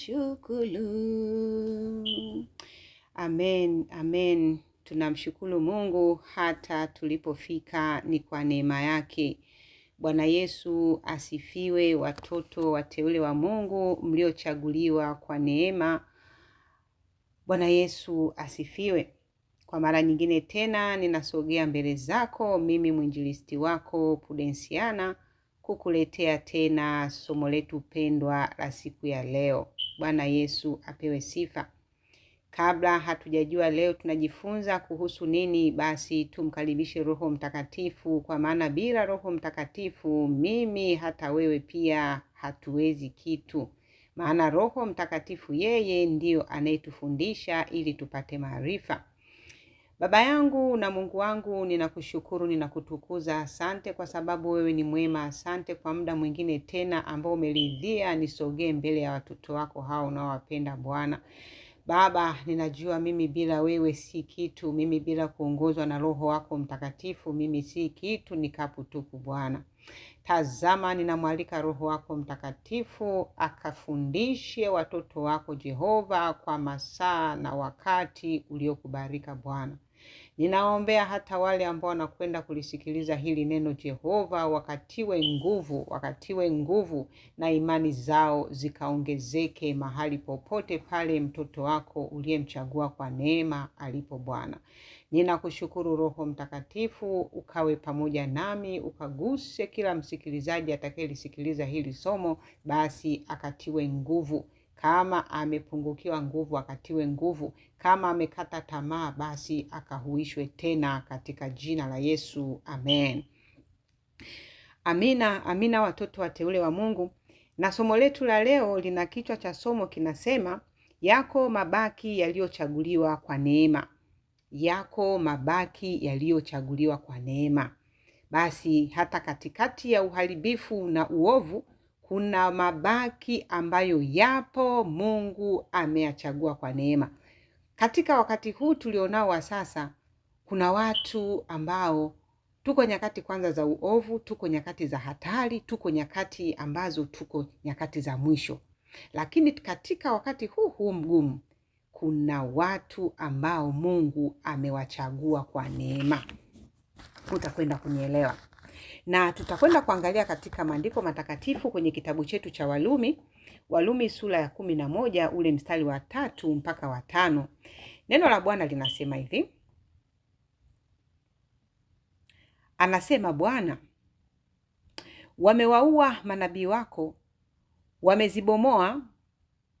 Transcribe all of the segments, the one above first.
shukulu. Amen, amen. Tunamshukuru Mungu hata tulipofika ni kwa neema yake. Bwana Yesu asifiwe, watoto wateule wa Mungu mliochaguliwa kwa neema. Bwana Yesu asifiwe. Kwa mara nyingine tena ninasogea mbele zako, mimi mwinjilisti wako Pudensiana, kukuletea tena somo letu pendwa la siku ya leo. Bwana Yesu apewe sifa. Kabla hatujajua leo tunajifunza kuhusu nini, basi tumkaribishe Roho Mtakatifu, kwa maana bila Roho Mtakatifu mimi hata wewe pia hatuwezi kitu. Maana Roho Mtakatifu yeye ndiyo anayetufundisha ili tupate maarifa. Baba yangu na Mungu wangu, ninakushukuru, ninakutukuza. Asante kwa sababu wewe ni mwema. Asante kwa muda mwingine tena ambao umeridhia nisogee mbele ya watoto wako hao unaowapenda Bwana. Baba, ninajua mimi bila wewe si kitu, mimi bila kuongozwa na Roho wako Mtakatifu mimi si kitu, ni kapu tupu Bwana. Tazama, ninamwalika Roho wako Mtakatifu akafundishe watoto wako Jehova, kwa masaa na wakati uliokubarika Bwana. Ninaombea hata wale ambao wanakwenda kulisikiliza hili neno. Jehova, wakatiwe nguvu, wakatiwe nguvu na imani zao zikaongezeke mahali popote pale mtoto wako uliyemchagua kwa neema alipo. Bwana, ninakushukuru. Roho Mtakatifu, ukawe pamoja nami, ukaguse kila msikilizaji atakayelisikiliza hili somo, basi akatiwe nguvu kama amepungukiwa nguvu, akatiwe nguvu. Kama amekata tamaa, basi akahuishwe tena, katika jina la Yesu, amen. Amina, amina, watoto wateule wa Mungu. Na somo letu la leo lina kichwa cha somo kinasema, yako mabaki yaliyochaguliwa kwa neema. Yako mabaki yaliyochaguliwa kwa neema. Basi hata katikati ya uharibifu na uovu kuna mabaki ambayo yapo Mungu ameyachagua kwa neema. Katika wakati huu tulionao wa sasa, kuna watu ambao tuko nyakati kwanza za uovu, tuko nyakati za hatari, tuko nyakati ambazo tuko nyakati za mwisho. Lakini katika wakati huu huu mgumu, kuna watu ambao Mungu amewachagua kwa neema. Utakwenda kunielewa na tutakwenda kuangalia katika maandiko matakatifu kwenye kitabu chetu cha Walumi, Walumi sura ya kumi na moja ule mstari wa tatu mpaka wa tano. Neno la Bwana linasema hivi, anasema Bwana, wamewaua manabii wako, wamezibomoa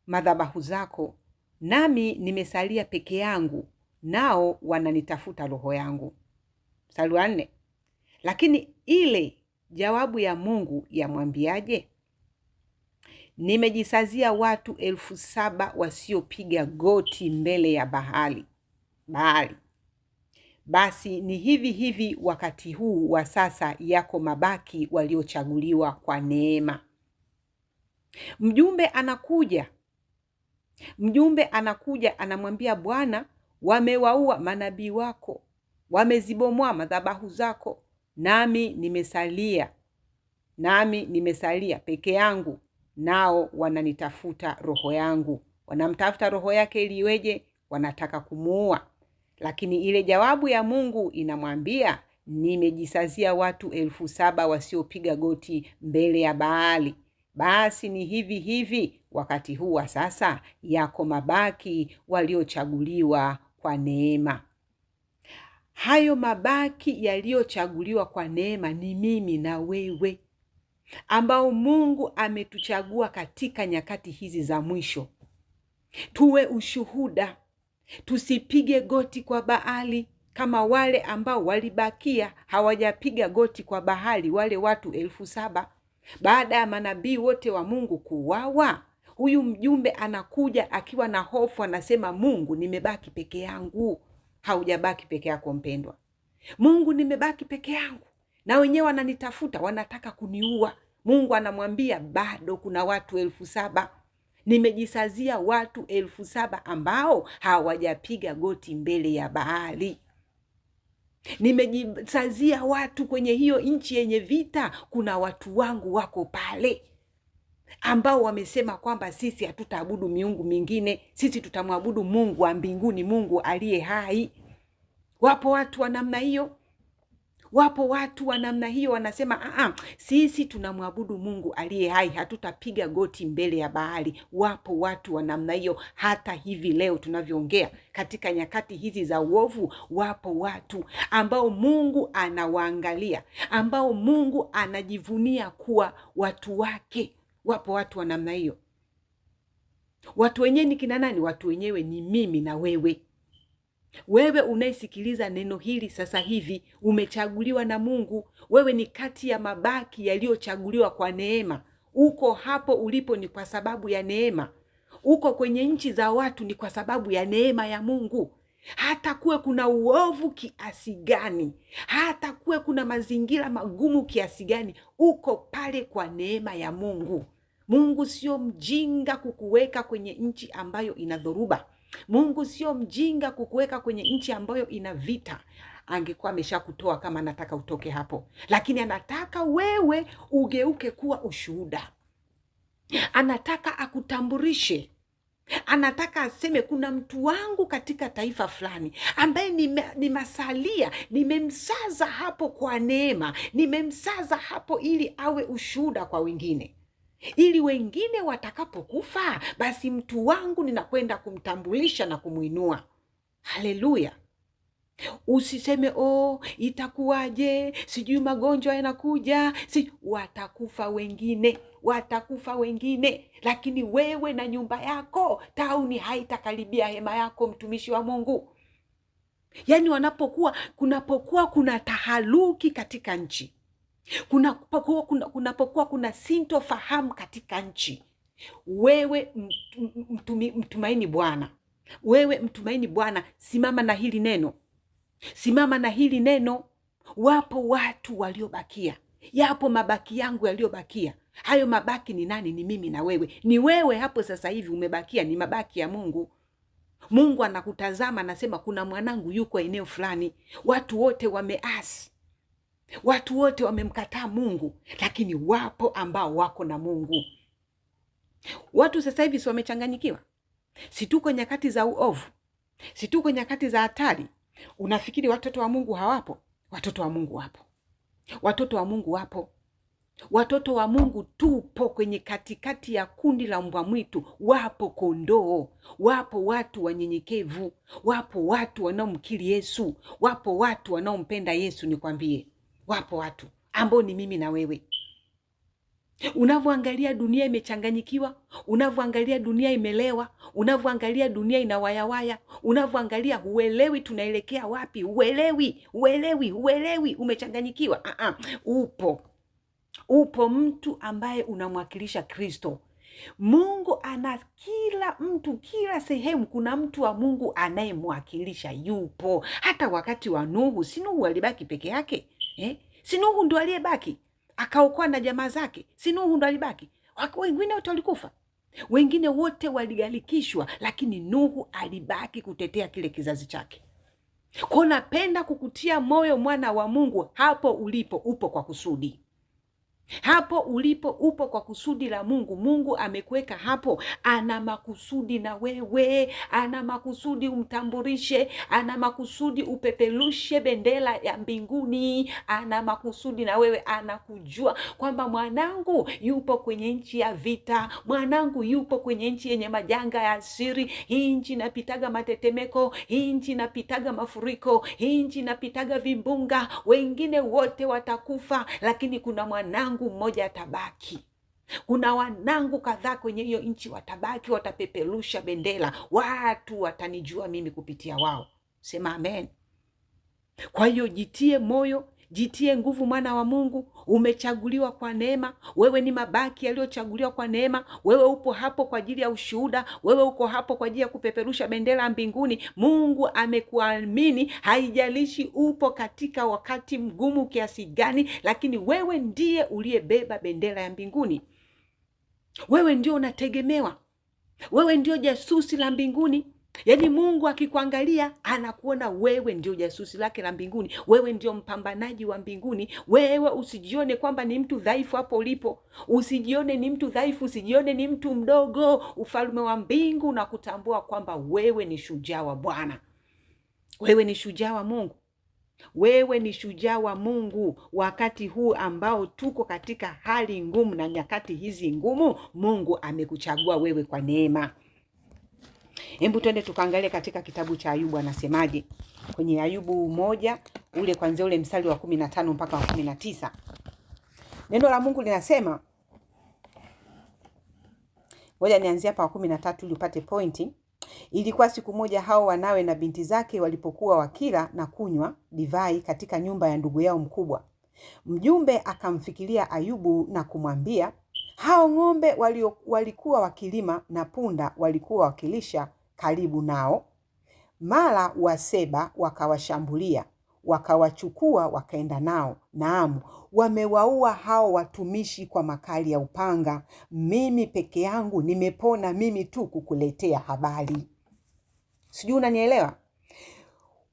madhabahu zako, nami nimesalia peke yangu, nao wananitafuta roho yangu. Mstari wa nne lakini ile jawabu ya Mungu yamwambiaje? Nimejisazia watu elfu saba wasiopiga goti mbele ya bahali bahari. Basi ni hivi hivi wakati huu wa sasa, yako mabaki waliochaguliwa kwa neema. Mjumbe anakuja, mjumbe anakuja, anamwambia Bwana, wamewaua manabii wako, wamezibomoa madhabahu zako, nami nimesalia nami nimesalia peke yangu, nao wananitafuta roho yangu. Wanamtafuta roho yake ili Wanataka kumuua. Lakini ile jawabu ya Mungu inamwambia nimejisazia watu elfu saba wasiopiga goti mbele ya Baali. Basi ni hivi hivi wakati huu wa sasa, yako mabaki waliochaguliwa kwa neema hayo mabaki yaliyochaguliwa kwa neema ni mimi na wewe ambao Mungu ametuchagua katika nyakati hizi za mwisho. Tuwe ushuhuda, tusipige goti kwa Baali kama wale ambao walibakia hawajapiga goti kwa Baali, wale watu elfu saba baada ya manabii wote wa Mungu kuuawa. Huyu mjumbe anakuja akiwa na hofu, anasema Mungu, nimebaki peke yangu haujabaki peke yako mpendwa. Mungu, nimebaki peke yangu, na wenyewe wananitafuta, wanataka kuniua. Mungu anamwambia bado kuna watu elfu saba nimejisazia watu elfu saba ambao hawajapiga goti mbele ya Baali. Nimejisazia watu kwenye hiyo nchi yenye vita, kuna watu wangu wako pale ambao wamesema kwamba sisi hatutaabudu miungu mingine, sisi tutamwabudu Mungu wa mbinguni, Mungu aliye hai. Wapo watu wa namna hiyo, wapo watu wa namna hiyo wanasema aa, ah, ah, sisi tunamwabudu Mungu aliye hai, hatutapiga goti mbele ya bahari. Wapo watu wa namna hiyo hata hivi leo tunavyoongea, katika nyakati hizi za uovu, wapo watu ambao Mungu anawaangalia, ambao Mungu anajivunia kuwa watu wake Wapo watu wa namna hiyo. Watu wenyewe ni kina nani? Watu wenyewe ni mimi na wewe. Wewe unaisikiliza neno hili sasa hivi, umechaguliwa na Mungu. Wewe ni kati ya mabaki yaliyochaguliwa kwa neema. Uko hapo ulipo ni kwa sababu ya neema. Uko kwenye nchi za watu ni kwa sababu ya neema ya Mungu hata kuwe kuna uovu kiasi gani, hata kuwe kuna mazingira magumu kiasi gani, uko pale kwa neema ya Mungu. Mungu sio mjinga kukuweka kwenye nchi ambayo ina dhoruba. Mungu sio mjinga kukuweka kwenye nchi ambayo ina vita. Angekuwa ameshakutoa kama anataka utoke hapo, lakini anataka wewe ugeuke kuwa ushuhuda, anataka akutambulishe anataka aseme kuna mtu wangu katika taifa fulani ambaye nimesalia, nimemsaza hapo kwa neema, nimemsaza hapo ili awe ushuhuda kwa wengine, ili wengine watakapokufa, basi mtu wangu ninakwenda kumtambulisha na kumwinua. Haleluya! Usiseme oh, itakuwaje, sijui magonjwa yanakuja, si watakufa wengine watakufa wengine, lakini wewe na nyumba yako tauni haitakaribia hema yako, mtumishi wa Mungu. Yaani wanapokuwa kunapokuwa kuna taharuki katika nchi, kunapokuwa kuna, kuna, kuna sintofahamu katika nchi, wewe mtumi, mtumaini Bwana, wewe mtumaini Bwana, simama na hili neno, simama na hili neno. Wapo watu waliobakia, yapo mabaki yangu yaliyobakia Hayo mabaki ni nani? Ni mimi na wewe, ni wewe hapo sasa hivi umebakia, ni mabaki ya Mungu. Mungu anakutazama anasema, kuna mwanangu yuko eneo fulani. Watu wote wameasi, watu wote wamemkataa Mungu, lakini wapo ambao wako na Mungu. Watu sasa hivi si wamechanganyikiwa, si tuko nyakati za uovu, si tuko nyakati za hatari. Unafikiri watoto wa Mungu hawapo? Watoto wa Mungu wapo, watoto wa Mungu wapo Watoto wa Mungu tupo kwenye katikati ya kundi la mbwa mwitu. Wapo kondoo, wapo watu wanyenyekevu, wapo watu wanaomkiri Yesu, wapo watu wanaompenda Yesu. Nikwambie, wapo watu ambao ni mimi na wewe. Unavyoangalia dunia imechanganyikiwa, unavyoangalia dunia imelewa, unavyoangalia dunia ina wayawaya, unavyoangalia huelewi tunaelekea wapi, huelewi, huelewi, huelewi, umechanganyikiwa. Uh-uh. upo upo mtu ambaye unamwakilisha Kristo. Mungu ana kila mtu, kila sehemu kuna mtu wa Mungu anayemwakilisha yupo. Hata wakati wa Nuhu, si Nuhu alibaki peke yake eh? Si Nuhu ndo aliyebaki akaokoa na jamaa zake? Si Nuhu ndo alibaki? Wengine wote walikufa, wengine wote waligalikishwa lakini Nuhu alibaki kutetea kile kizazi chake. Kwa napenda kukutia moyo mwana wa Mungu, hapo ulipo upo kwa kusudi. Hapo ulipo upo kwa kusudi la Mungu. Mungu amekuweka hapo, ana makusudi na wewe, ana makusudi umtambulishe, ana makusudi upeperushe bendera ya mbinguni, ana makusudi na wewe. Anakujua kwamba mwanangu yupo kwenye nchi ya vita, mwanangu yupo kwenye nchi yenye majanga ya asiri. Hii nchi inapitaga matetemeko, hii nchi inapitaga mafuriko, hii nchi inapitaga vimbunga, wengine wote watakufa, lakini kuna mwanangu wanangu mmoja atabaki kuna wanangu kadhaa kwenye hiyo nchi watabaki, watapeperusha bendera, watu watanijua mimi kupitia wao. Sema amen. Kwa hiyo jitie moyo, Jitie nguvu, mwana wa Mungu. Umechaguliwa kwa neema, wewe ni mabaki yaliyochaguliwa kwa neema. Wewe upo hapo kwa ajili ya ushuhuda, wewe uko hapo kwa ajili ya kupeperusha bendera ya mbinguni. Mungu amekuamini, haijalishi upo katika wakati mgumu kiasi gani, lakini wewe ndiye uliyebeba bendera ya mbinguni. Wewe ndio unategemewa, wewe ndio jasusi la mbinguni. Yaani Mungu akikuangalia anakuona wewe ndio jasusi lake la mbinguni, wewe ndio mpambanaji wa mbinguni. Wewe usijione kwamba ni mtu dhaifu hapo ulipo, usijione ni mtu dhaifu, usijione ni mtu mdogo. Ufalme wa mbingu na kutambua kwamba wewe ni shujaa wa Bwana, wewe ni shujaa wa Mungu, wewe ni shujaa wa Mungu. Wakati huu ambao tuko katika hali ngumu na nyakati hizi ngumu, Mungu amekuchagua wewe kwa neema. Hebu twende tukaangalie katika kitabu cha Ayubu anasemaje, kwenye Ayubu moja ule kwanzia ule mstari wa kumi na tano mpaka wa kumi na tisa neno la Mungu linasema, ngoja nianzie hapa wa kumi na tatu ili upate pointi. Ilikuwa siku moja hao wanawe na binti zake walipokuwa wakila na kunywa divai katika nyumba ya ndugu yao mkubwa, mjumbe akamfikiria Ayubu na kumwambia, hao ng'ombe walio, walikuwa wakilima na punda walikuwa wakilisha karibu nao. Mara Waseba wakawashambulia, wakawachukua wakaenda nao. Naam, wamewaua hao watumishi kwa makali ya upanga. Mimi peke yangu nimepona mimi tu kukuletea habari, sijui unanielewa.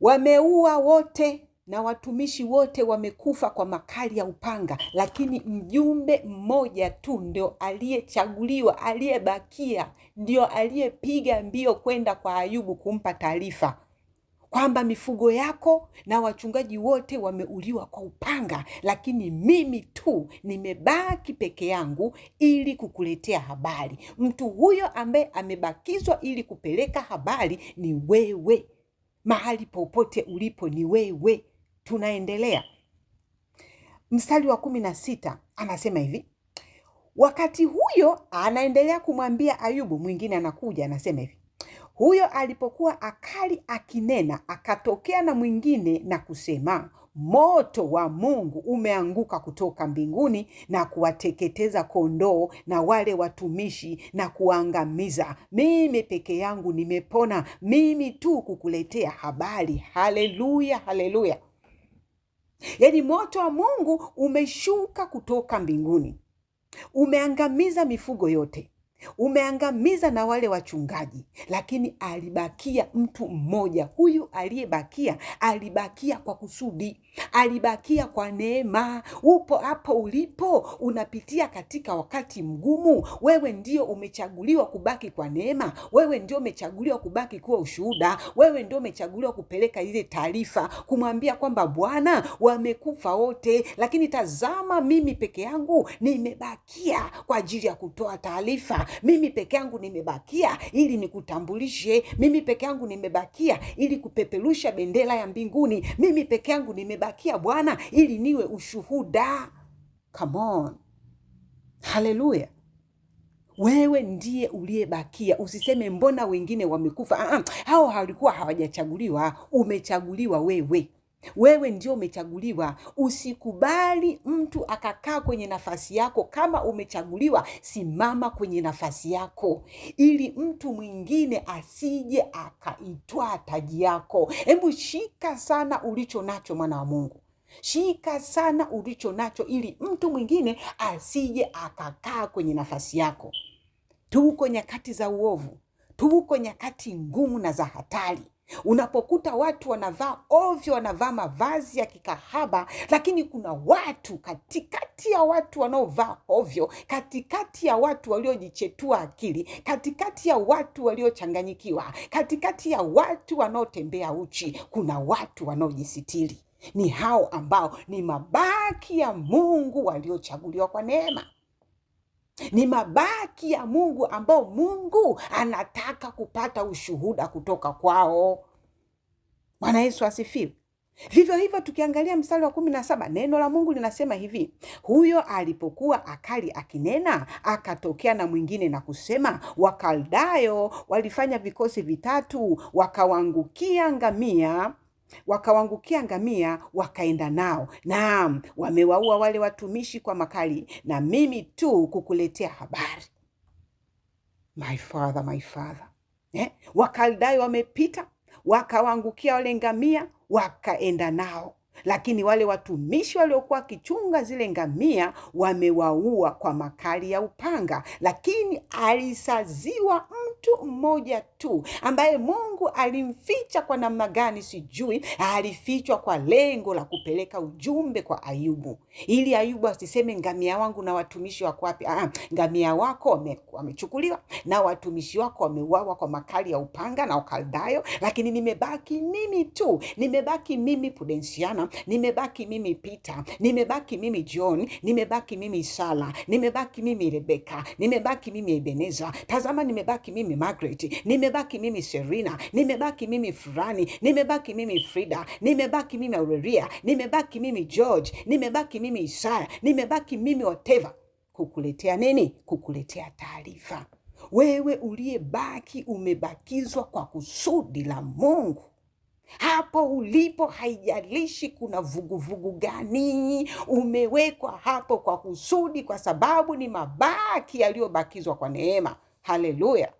Wameua wote na watumishi wote wamekufa kwa makali ya upanga, lakini mjumbe mmoja tu ndio aliyechaguliwa, aliyebakia, ndio aliyepiga mbio kwenda kwa Ayubu kumpa taarifa kwamba mifugo yako na wachungaji wote wameuliwa kwa upanga, lakini mimi tu nimebaki peke yangu ili kukuletea habari. Mtu huyo ambaye amebakizwa ili kupeleka habari ni wewe, mahali popote ulipo ni wewe. Tunaendelea mstari wa kumi na sita anasema hivi, wakati huyo anaendelea kumwambia Ayubu, mwingine anakuja anasema hivi, huyo alipokuwa akali akinena, akatokea na mwingine na kusema, moto wa Mungu umeanguka kutoka mbinguni na kuwateketeza kondoo na wale watumishi na kuangamiza. Mimi peke yangu nimepona, mimi tu kukuletea habari. Haleluya, haleluya! Yaani moto wa Mungu umeshuka kutoka mbinguni, umeangamiza mifugo yote, umeangamiza na wale wachungaji, lakini alibakia mtu mmoja. Huyu aliyebakia alibakia kwa kusudi alibakia kwa neema. Upo hapo ulipo, unapitia katika wakati mgumu, wewe ndio umechaguliwa kubaki kwa neema, wewe ndio umechaguliwa kubaki kuwa ushuhuda, wewe ndio umechaguliwa kupeleka ile taarifa, kumwambia kwamba Bwana, wamekufa wote, lakini tazama, mimi peke yangu nimebakia kwa ajili ya kutoa taarifa. Mimi peke yangu nimebakia ili nikutambulishe. Mimi peke yangu nimebakia ili kupeperusha bendera ya mbinguni. Mimi peke yangu nimebakia alinibakia Bwana ili niwe ushuhuda. Come on, haleluya! Wewe ndiye uliyebakia. Usiseme mbona wengine wamekufa. Ah, ah. hao halikuwa hawajachaguliwa. Umechaguliwa wewe. Wewe ndio umechaguliwa. Usikubali mtu akakaa kwenye nafasi yako. Kama umechaguliwa, simama kwenye nafasi yako, ili mtu mwingine asije akaitwaa taji yako. Hebu shika sana ulicho nacho, mwana wa Mungu. Shika sana ulicho nacho, ili mtu mwingine asije akakaa kwenye nafasi yako. Tuko nyakati za uovu, tuko nyakati ngumu na za hatari. Unapokuta watu wanavaa ovyo, wanavaa mavazi ya kikahaba, lakini kuna watu katikati ya watu wanaovaa ovyo, katikati ya watu waliojichetua akili, katikati ya watu waliochanganyikiwa, katikati ya watu wanaotembea uchi, kuna watu wanaojisitiri. Ni hao ambao ni mabaki ya Mungu waliochaguliwa kwa neema ni mabaki ya Mungu ambao Mungu anataka kupata ushuhuda kutoka kwao. Bwana Yesu asifiwe. Vivyo hivyo tukiangalia mstari wa kumi na saba neno la Mungu linasema hivi: huyo alipokuwa akali akinena, akatokea na mwingine na kusema, Wakaldayo walifanya vikosi vitatu, wakawaangukia ngamia Wakawangukia ngamia, wakaenda nao. Naam, wamewaua wale watumishi kwa makali, na mimi tu kukuletea habari. My father, my father. Eh? Wakaldayo wamepita, wakawangukia wale ngamia, wakaenda nao lakini wale watumishi waliokuwa wakichunga zile ngamia wamewaua kwa makali ya upanga, lakini alisaziwa mtu mmoja tu ambaye Mungu alimficha. Kwa namna gani sijui, alifichwa kwa lengo la kupeleka ujumbe kwa Ayubu, ili Ayubu asiseme ngamia wangu na watumishi wako wapi? Ah, ngamia wako wamechukuliwa na watumishi wako wameuawa kwa makali ya upanga na Ukaldayo, lakini nimebaki mimi tu, nimebaki mimi Pudensiana nimebaki mimi Pita, nimebaki mimi John, nimebaki mimi Sala, nimebaki mimi Rebeka, nimebaki mimi Ebeneza, tazama nimebaki mimi Margaret, nimebaki mimi Serena, nimebaki mimi Furani, nimebaki mimi Frida, nimebaki mimi Aureria, nimebaki mimi George, nimebaki mimi Isaya, nimebaki mimi whatever. Kukuletea nini? Kukuletea taarifa. Wewe uliyebaki umebakizwa kwa kusudi la Mungu hapo ulipo, haijalishi kuna vuguvugu gani, umewekwa hapo kwa kusudi, kwa sababu ni mabaki yaliyobakizwa kwa neema. Haleluya!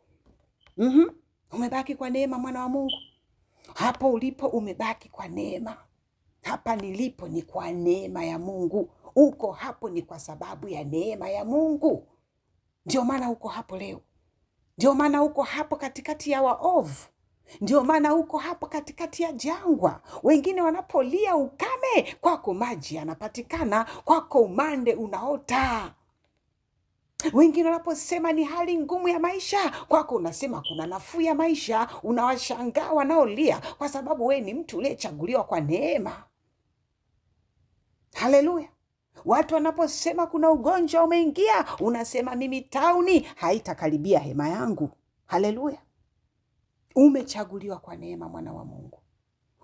mm-hmm. Umebaki kwa neema, mwana wa Mungu. Hapo ulipo umebaki kwa neema. Hapa nilipo ni kwa neema ya Mungu. Uko hapo ni kwa sababu ya neema ya Mungu. Ndio maana uko hapo leo, ndio maana uko hapo katikati ya waovu ndio maana huko hapo katikati ya jangwa, wengine wanapolia ukame, kwako maji yanapatikana, kwako umande unaota. Wengine wanaposema ni hali ngumu ya maisha, kwako unasema kuna nafuu ya maisha. Unawashangaa wanaolia, kwa sababu wewe ni mtu uliyechaguliwa kwa neema. Haleluya! Watu wanaposema kuna ugonjwa umeingia, unasema mimi tauni haitakaribia hema yangu. Haleluya! Umechaguliwa kwa neema, mwana wa Mungu,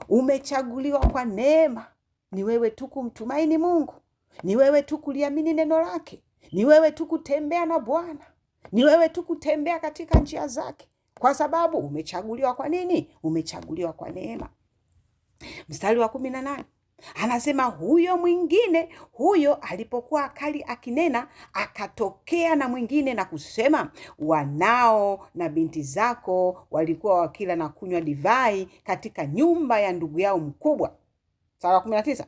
umechaguliwa kwa neema. Ni wewe tu kumtumaini Mungu, ni wewe tu kuliamini neno lake, ni wewe tu kutembea na Bwana, ni wewe tu kutembea katika njia zake, kwa sababu umechaguliwa. Kwa nini umechaguliwa? Kwa neema. Mstari wa kumi na nane Anasema huyo mwingine, huyo alipokuwa akali akinena, akatokea na mwingine na kusema, wanao na binti zako walikuwa wakila na kunywa divai katika nyumba ya ndugu yao mkubwa. Sura kumi na tisa.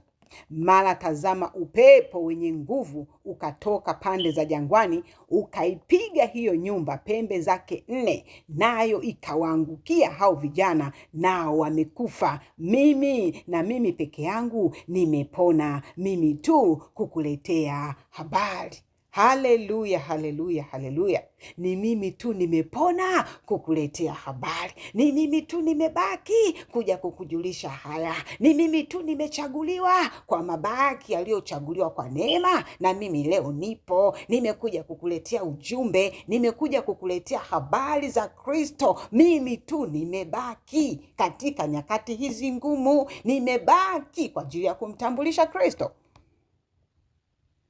Mara tazama, upepo wenye nguvu ukatoka pande za jangwani, ukaipiga hiyo nyumba pembe zake nne, nayo ikawaangukia hao vijana, nao wamekufa. Mimi na mimi peke yangu nimepona, mimi tu kukuletea habari. Haleluya, haleluya, haleluya! Ni mimi tu nimepona kukuletea habari, ni mimi tu nimebaki kuja kukujulisha haya, ni mimi tu nimechaguliwa kwa mabaki yaliyochaguliwa kwa neema, na mimi leo nipo, nimekuja kukuletea ujumbe, nimekuja kukuletea habari za Kristo. Mimi tu nimebaki katika nyakati hizi ngumu, nimebaki kwa ajili ya kumtambulisha Kristo.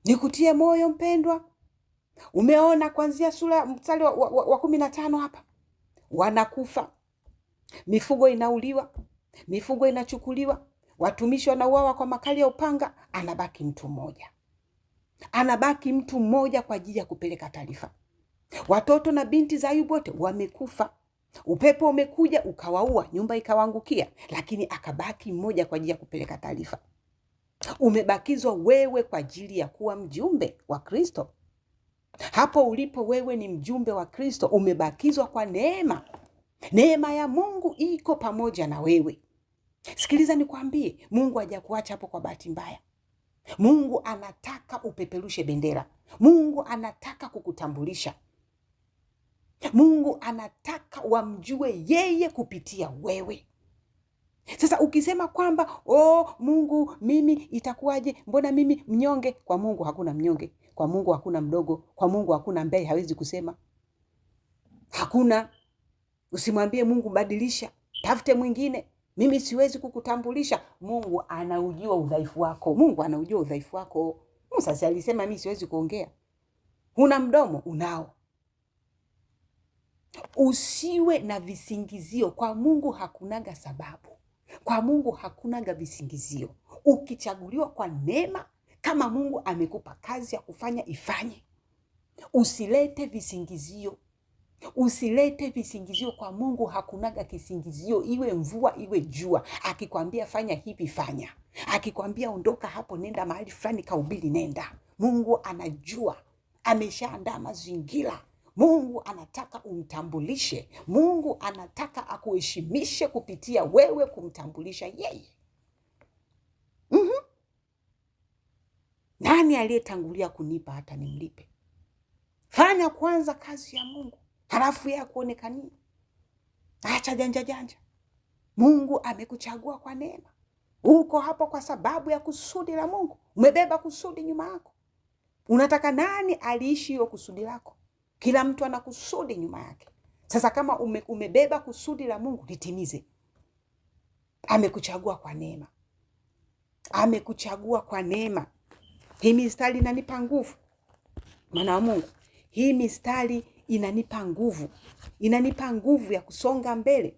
Nikutie moyo mpendwa, umeona kuanzia sura mstari wa, wa, wa kumi na tano hapa wanakufa, mifugo inauliwa, mifugo inachukuliwa, watumishi wanauawa kwa makali ya upanga, anabaki mtu mmoja, anabaki mtu mmoja kwa ajili ya kupeleka taarifa. Watoto na binti za Ayubu wote wamekufa, upepo umekuja ukawaua, nyumba ikawaangukia, lakini akabaki mmoja kwa ajili ya kupeleka taarifa. Umebakizwa wewe kwa ajili ya kuwa mjumbe wa Kristo. Hapo ulipo wewe ni mjumbe wa Kristo, umebakizwa kwa neema. Neema ya Mungu iko pamoja na wewe. Sikiliza nikwambie, Mungu hajakuacha hapo kwa bahati mbaya. Mungu anataka upeperushe bendera. Mungu anataka kukutambulisha. Mungu anataka wamjue yeye kupitia wewe. Sasa ukisema kwamba o oh, Mungu mimi itakuwaje? Mbona mimi mnyonge? Kwa Mungu hakuna mnyonge, kwa Mungu hakuna mdogo, kwa Mungu hakuna ambaye hawezi kusema hakuna. Usimwambie Mungu badilisha, tafute mwingine, mimi siwezi kukutambulisha. Mungu anaujua udhaifu wako, Mungu anaujua udhaifu wako. Musa si alisema mimi siwezi kuongea? Huna mdomo? Unao. Usiwe na visingizio, kwa Mungu hakunaga sababu. Kwa Mungu hakunaga visingizio. Ukichaguliwa kwa neema, kama Mungu amekupa kazi ya kufanya, ifanye. Usilete visingizio, usilete visingizio. Kwa Mungu hakunaga kisingizio, iwe mvua iwe jua. Akikwambia fanya hivi, fanya. Akikwambia ondoka hapo, nenda mahali fulani, kaubili, nenda. Mungu anajua, ameshaandaa mazingira. Mungu anataka umtambulishe. Mungu anataka akuheshimishe kupitia wewe kumtambulisha yeye. Mm-hmm. Nani aliyetangulia kunipa hata nimlipe? Fanya kwanza kazi ya Mungu, halafu yeye akuonekanie. Acha janja janja. Mungu amekuchagua kwa neema. Uko hapo kwa sababu ya kusudi la Mungu. Umebeba kusudi nyuma yako. Unataka nani aliishi hiyo kusudi lako? Kila mtu ana kusudi nyuma yake. Sasa kama ume, umebeba kusudi la Mungu litimize. Amekuchagua kwa neema, amekuchagua kwa neema. Hii mistari inanipa nguvu, mwana wa Mungu. Hii mistari inanipa nguvu, inanipa nguvu ya kusonga mbele,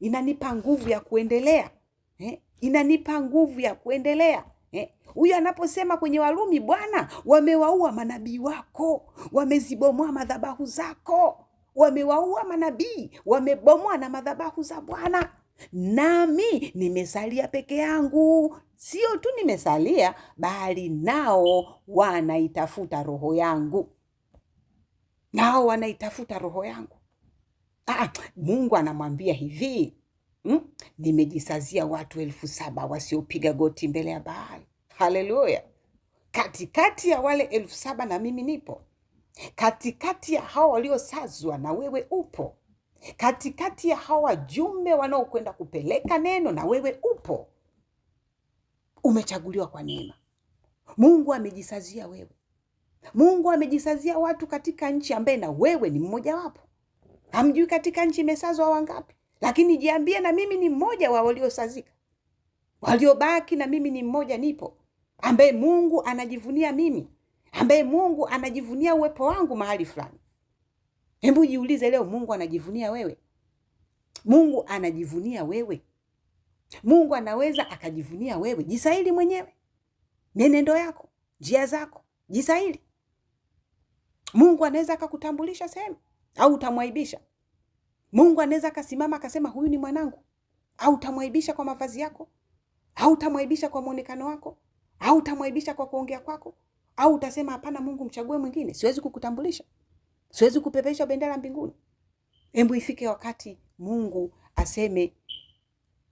inanipa nguvu ya kuendelea eh? inanipa nguvu ya kuendelea Eh, huyu eh, anaposema kwenye Warumi, Bwana, wamewaua manabii wako, wamezibomoa madhabahu zako. Wamewaua manabii, wamebomoa na madhabahu za Bwana, nami nimesalia peke yangu. Sio tu nimesalia, bali nao wanaitafuta roho yangu, nao wanaitafuta roho yangu. Ah, ah Mungu anamwambia hivi mm? Nimejisazia watu elfu saba wasiopiga goti mbele ya Baali. Haleluya! Katikati ya wale elfu saba na mimi nipo katikati ya hao waliosazwa na wewe upo katikati ya hao wajumbe wanaokwenda kupeleka neno na wewe upo. Umechaguliwa kwa neema. Mungu amejisazia wewe. Mungu amejisazia watu katika nchi ambaye na wewe ni mmojawapo. Hamjui katika nchi imesazwa wangapi? lakini jiambie, na mimi ni mmoja wa waliosazika waliobaki, na mimi ni mmoja nipo, ambaye Mungu anajivunia mimi, ambaye Mungu anajivunia uwepo wangu mahali fulani. Hebu jiulize leo, Mungu anajivunia wewe? Mungu anajivunia wewe? Mungu anaweza akajivunia wewe? Jisaili mwenyewe, mienendo yako, njia zako, jisaili Mungu anaweza akakutambulisha sehemu au utamwaibisha? Mungu anaweza akasimama akasema huyu ni mwanangu, au utamwaibisha kwa mavazi yako, au utamwaibisha kwa mwonekano wako, au utamwaibisha kwa kuongea kwako, au utasema hapana, Mungu mchague mwingine, siwezi kukutambulisha, siwezi kupepesha bendera mbinguni. Hebu ifike wakati Mungu aseme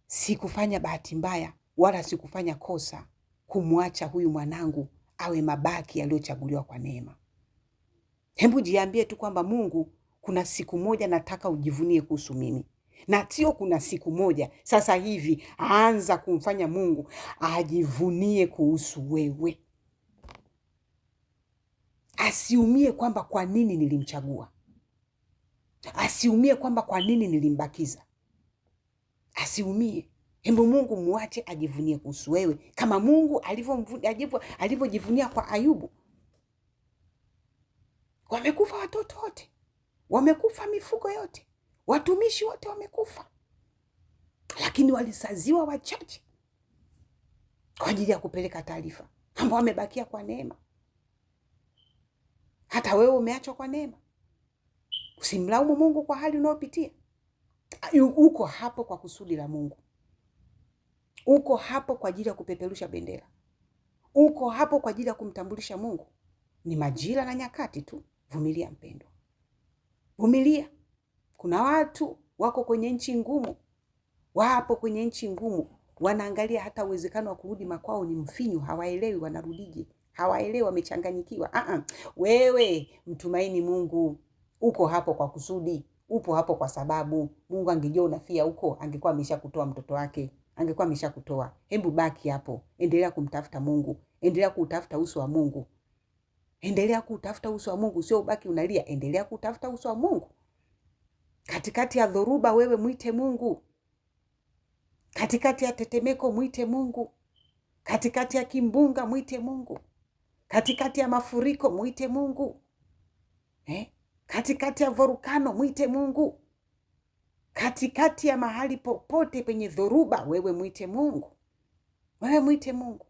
sikufanya bahati mbaya wala sikufanya kosa kumwacha huyu mwanangu awe mabaki yaliyochaguliwa kwa neema. Hebu jiambie tu kwamba Mungu kuna siku moja nataka ujivunie kuhusu mimi, na sio kuna siku moja. Sasa hivi aanza kumfanya Mungu ajivunie kuhusu wewe, asiumie kwamba kwa nini nilimchagua, asiumie kwamba kwa nini nilimbakiza, asiumie. Hebu Mungu muache ajivunie kuhusu wewe, kama Mungu alivyojivunia kwa Ayubu. Wamekufa watoto wote wamekufa mifugo yote, watumishi wote wamekufa, lakini walisaziwa wachache kwa ajili ya kupeleka taarifa, ambao wamebakia kwa neema. Hata wewe umeachwa kwa neema. Usimlaumu Mungu kwa hali unayopitia. Uko hapo kwa kusudi la Mungu, uko hapo kwa ajili ya kupeperusha bendera, uko hapo kwa ajili ya kumtambulisha Mungu. Ni majira na nyakati tu, vumilia mpendo. Vumilia. Kuna watu wako kwenye nchi ngumu, wapo kwenye nchi ngumu, wanaangalia hata uwezekano wa kurudi makwao ni mfinyu, hawaelewi wanarudije, hawaelewi, wamechanganyikiwa. Ah, wewe mtumaini Mungu, uko hapo kwa kusudi, upo hapo kwa sababu. Mungu angejua unafia huko, angekuwa ameshakutoa mtoto wake, angekuwa ameshakutoa. Hebu baki hapo, endelea kumtafuta Mungu, endelea kuutafuta uso wa Mungu endelea kutafuta uso wa Mungu, sio ubaki unalia. Endelea kutafuta uso wa Mungu katikati ya dhoruba, wewe mwite Mungu. Katikati ya tetemeko mwite Mungu. Katikati ya kimbunga mwite Mungu. Katikati ya mafuriko mwite Mungu eh? Katikati ya volkano mwite Mungu. Katikati ya mahali popote penye dhoruba, wewe mwite Mungu. Wewe mwite Mungu,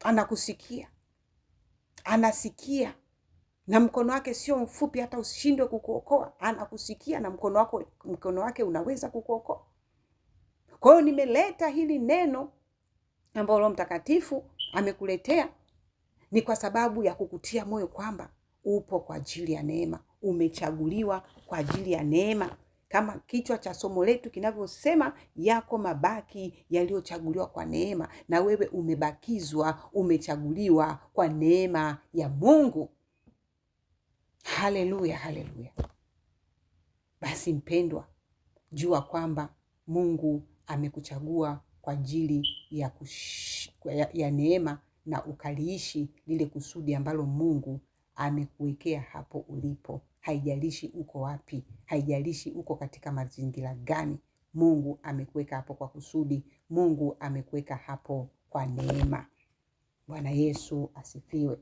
anakusikia anasikia na mkono wake sio mfupi hata ushindwe kukuokoa. Anakusikia na mkono wako, mkono wake unaweza kukuokoa. Kwa hiyo nimeleta hili neno ambalo Roho Mtakatifu amekuletea ni kwa sababu ya kukutia moyo kwamba upo kwa ajili ya neema, umechaguliwa kwa ajili ya neema kama kichwa cha somo letu kinavyosema, yako mabaki yaliyochaguliwa kwa neema, na wewe umebakizwa, umechaguliwa kwa neema ya Mungu. Haleluya, haleluya! Basi mpendwa, jua kwamba Mungu amekuchagua kwa ajili ya, ya, ya neema na ukaliishi lile kusudi ambalo Mungu amekuwekea hapo ulipo haijalishi uko wapi, haijalishi uko katika mazingira gani. Mungu amekuweka hapo kwa kusudi. Mungu amekuweka hapo kwa neema. Bwana Yesu asifiwe.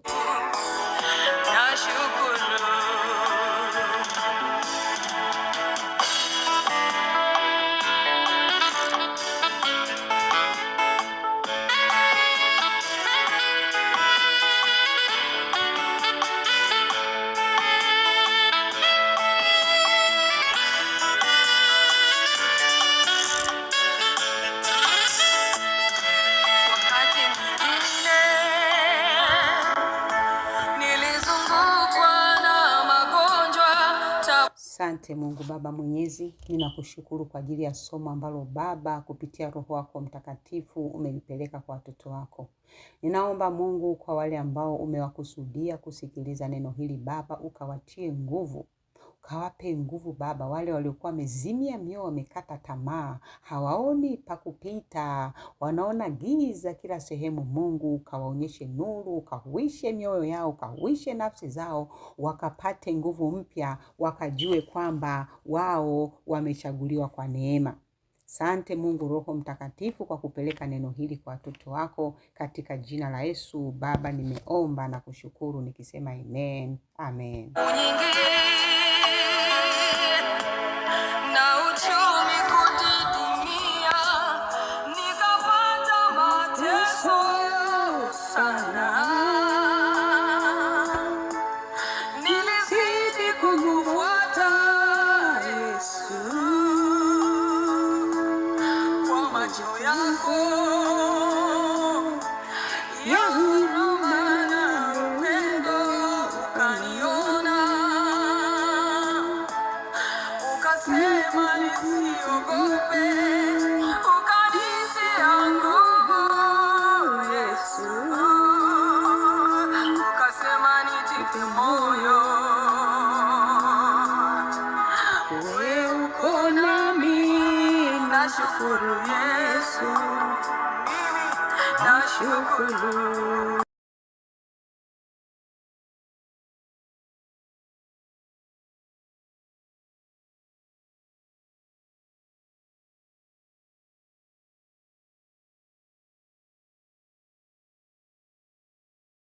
Mungu Baba Mwenyezi, ninakushukuru kwa ajili ya somo ambalo Baba kupitia Roho wako Mtakatifu umelipeleka kwa watoto wako. Ninaomba Mungu, kwa wale ambao umewakusudia kusikiliza neno hili Baba, ukawatie nguvu Kawape nguvu Baba, wale waliokuwa wamezimia mioyo, wamekata tamaa, hawaoni pa kupita, wanaona giza kila sehemu. Mungu kawaonyeshe nuru, kahuishe mioyo yao, kahuishe nafsi zao, wakapate nguvu mpya, wakajue kwamba wao wamechaguliwa kwa neema. Sante Mungu Roho Mtakatifu kwa kupeleka neno hili kwa watoto wako katika jina la Yesu. Baba, nimeomba na kushukuru nikisema amen, amen.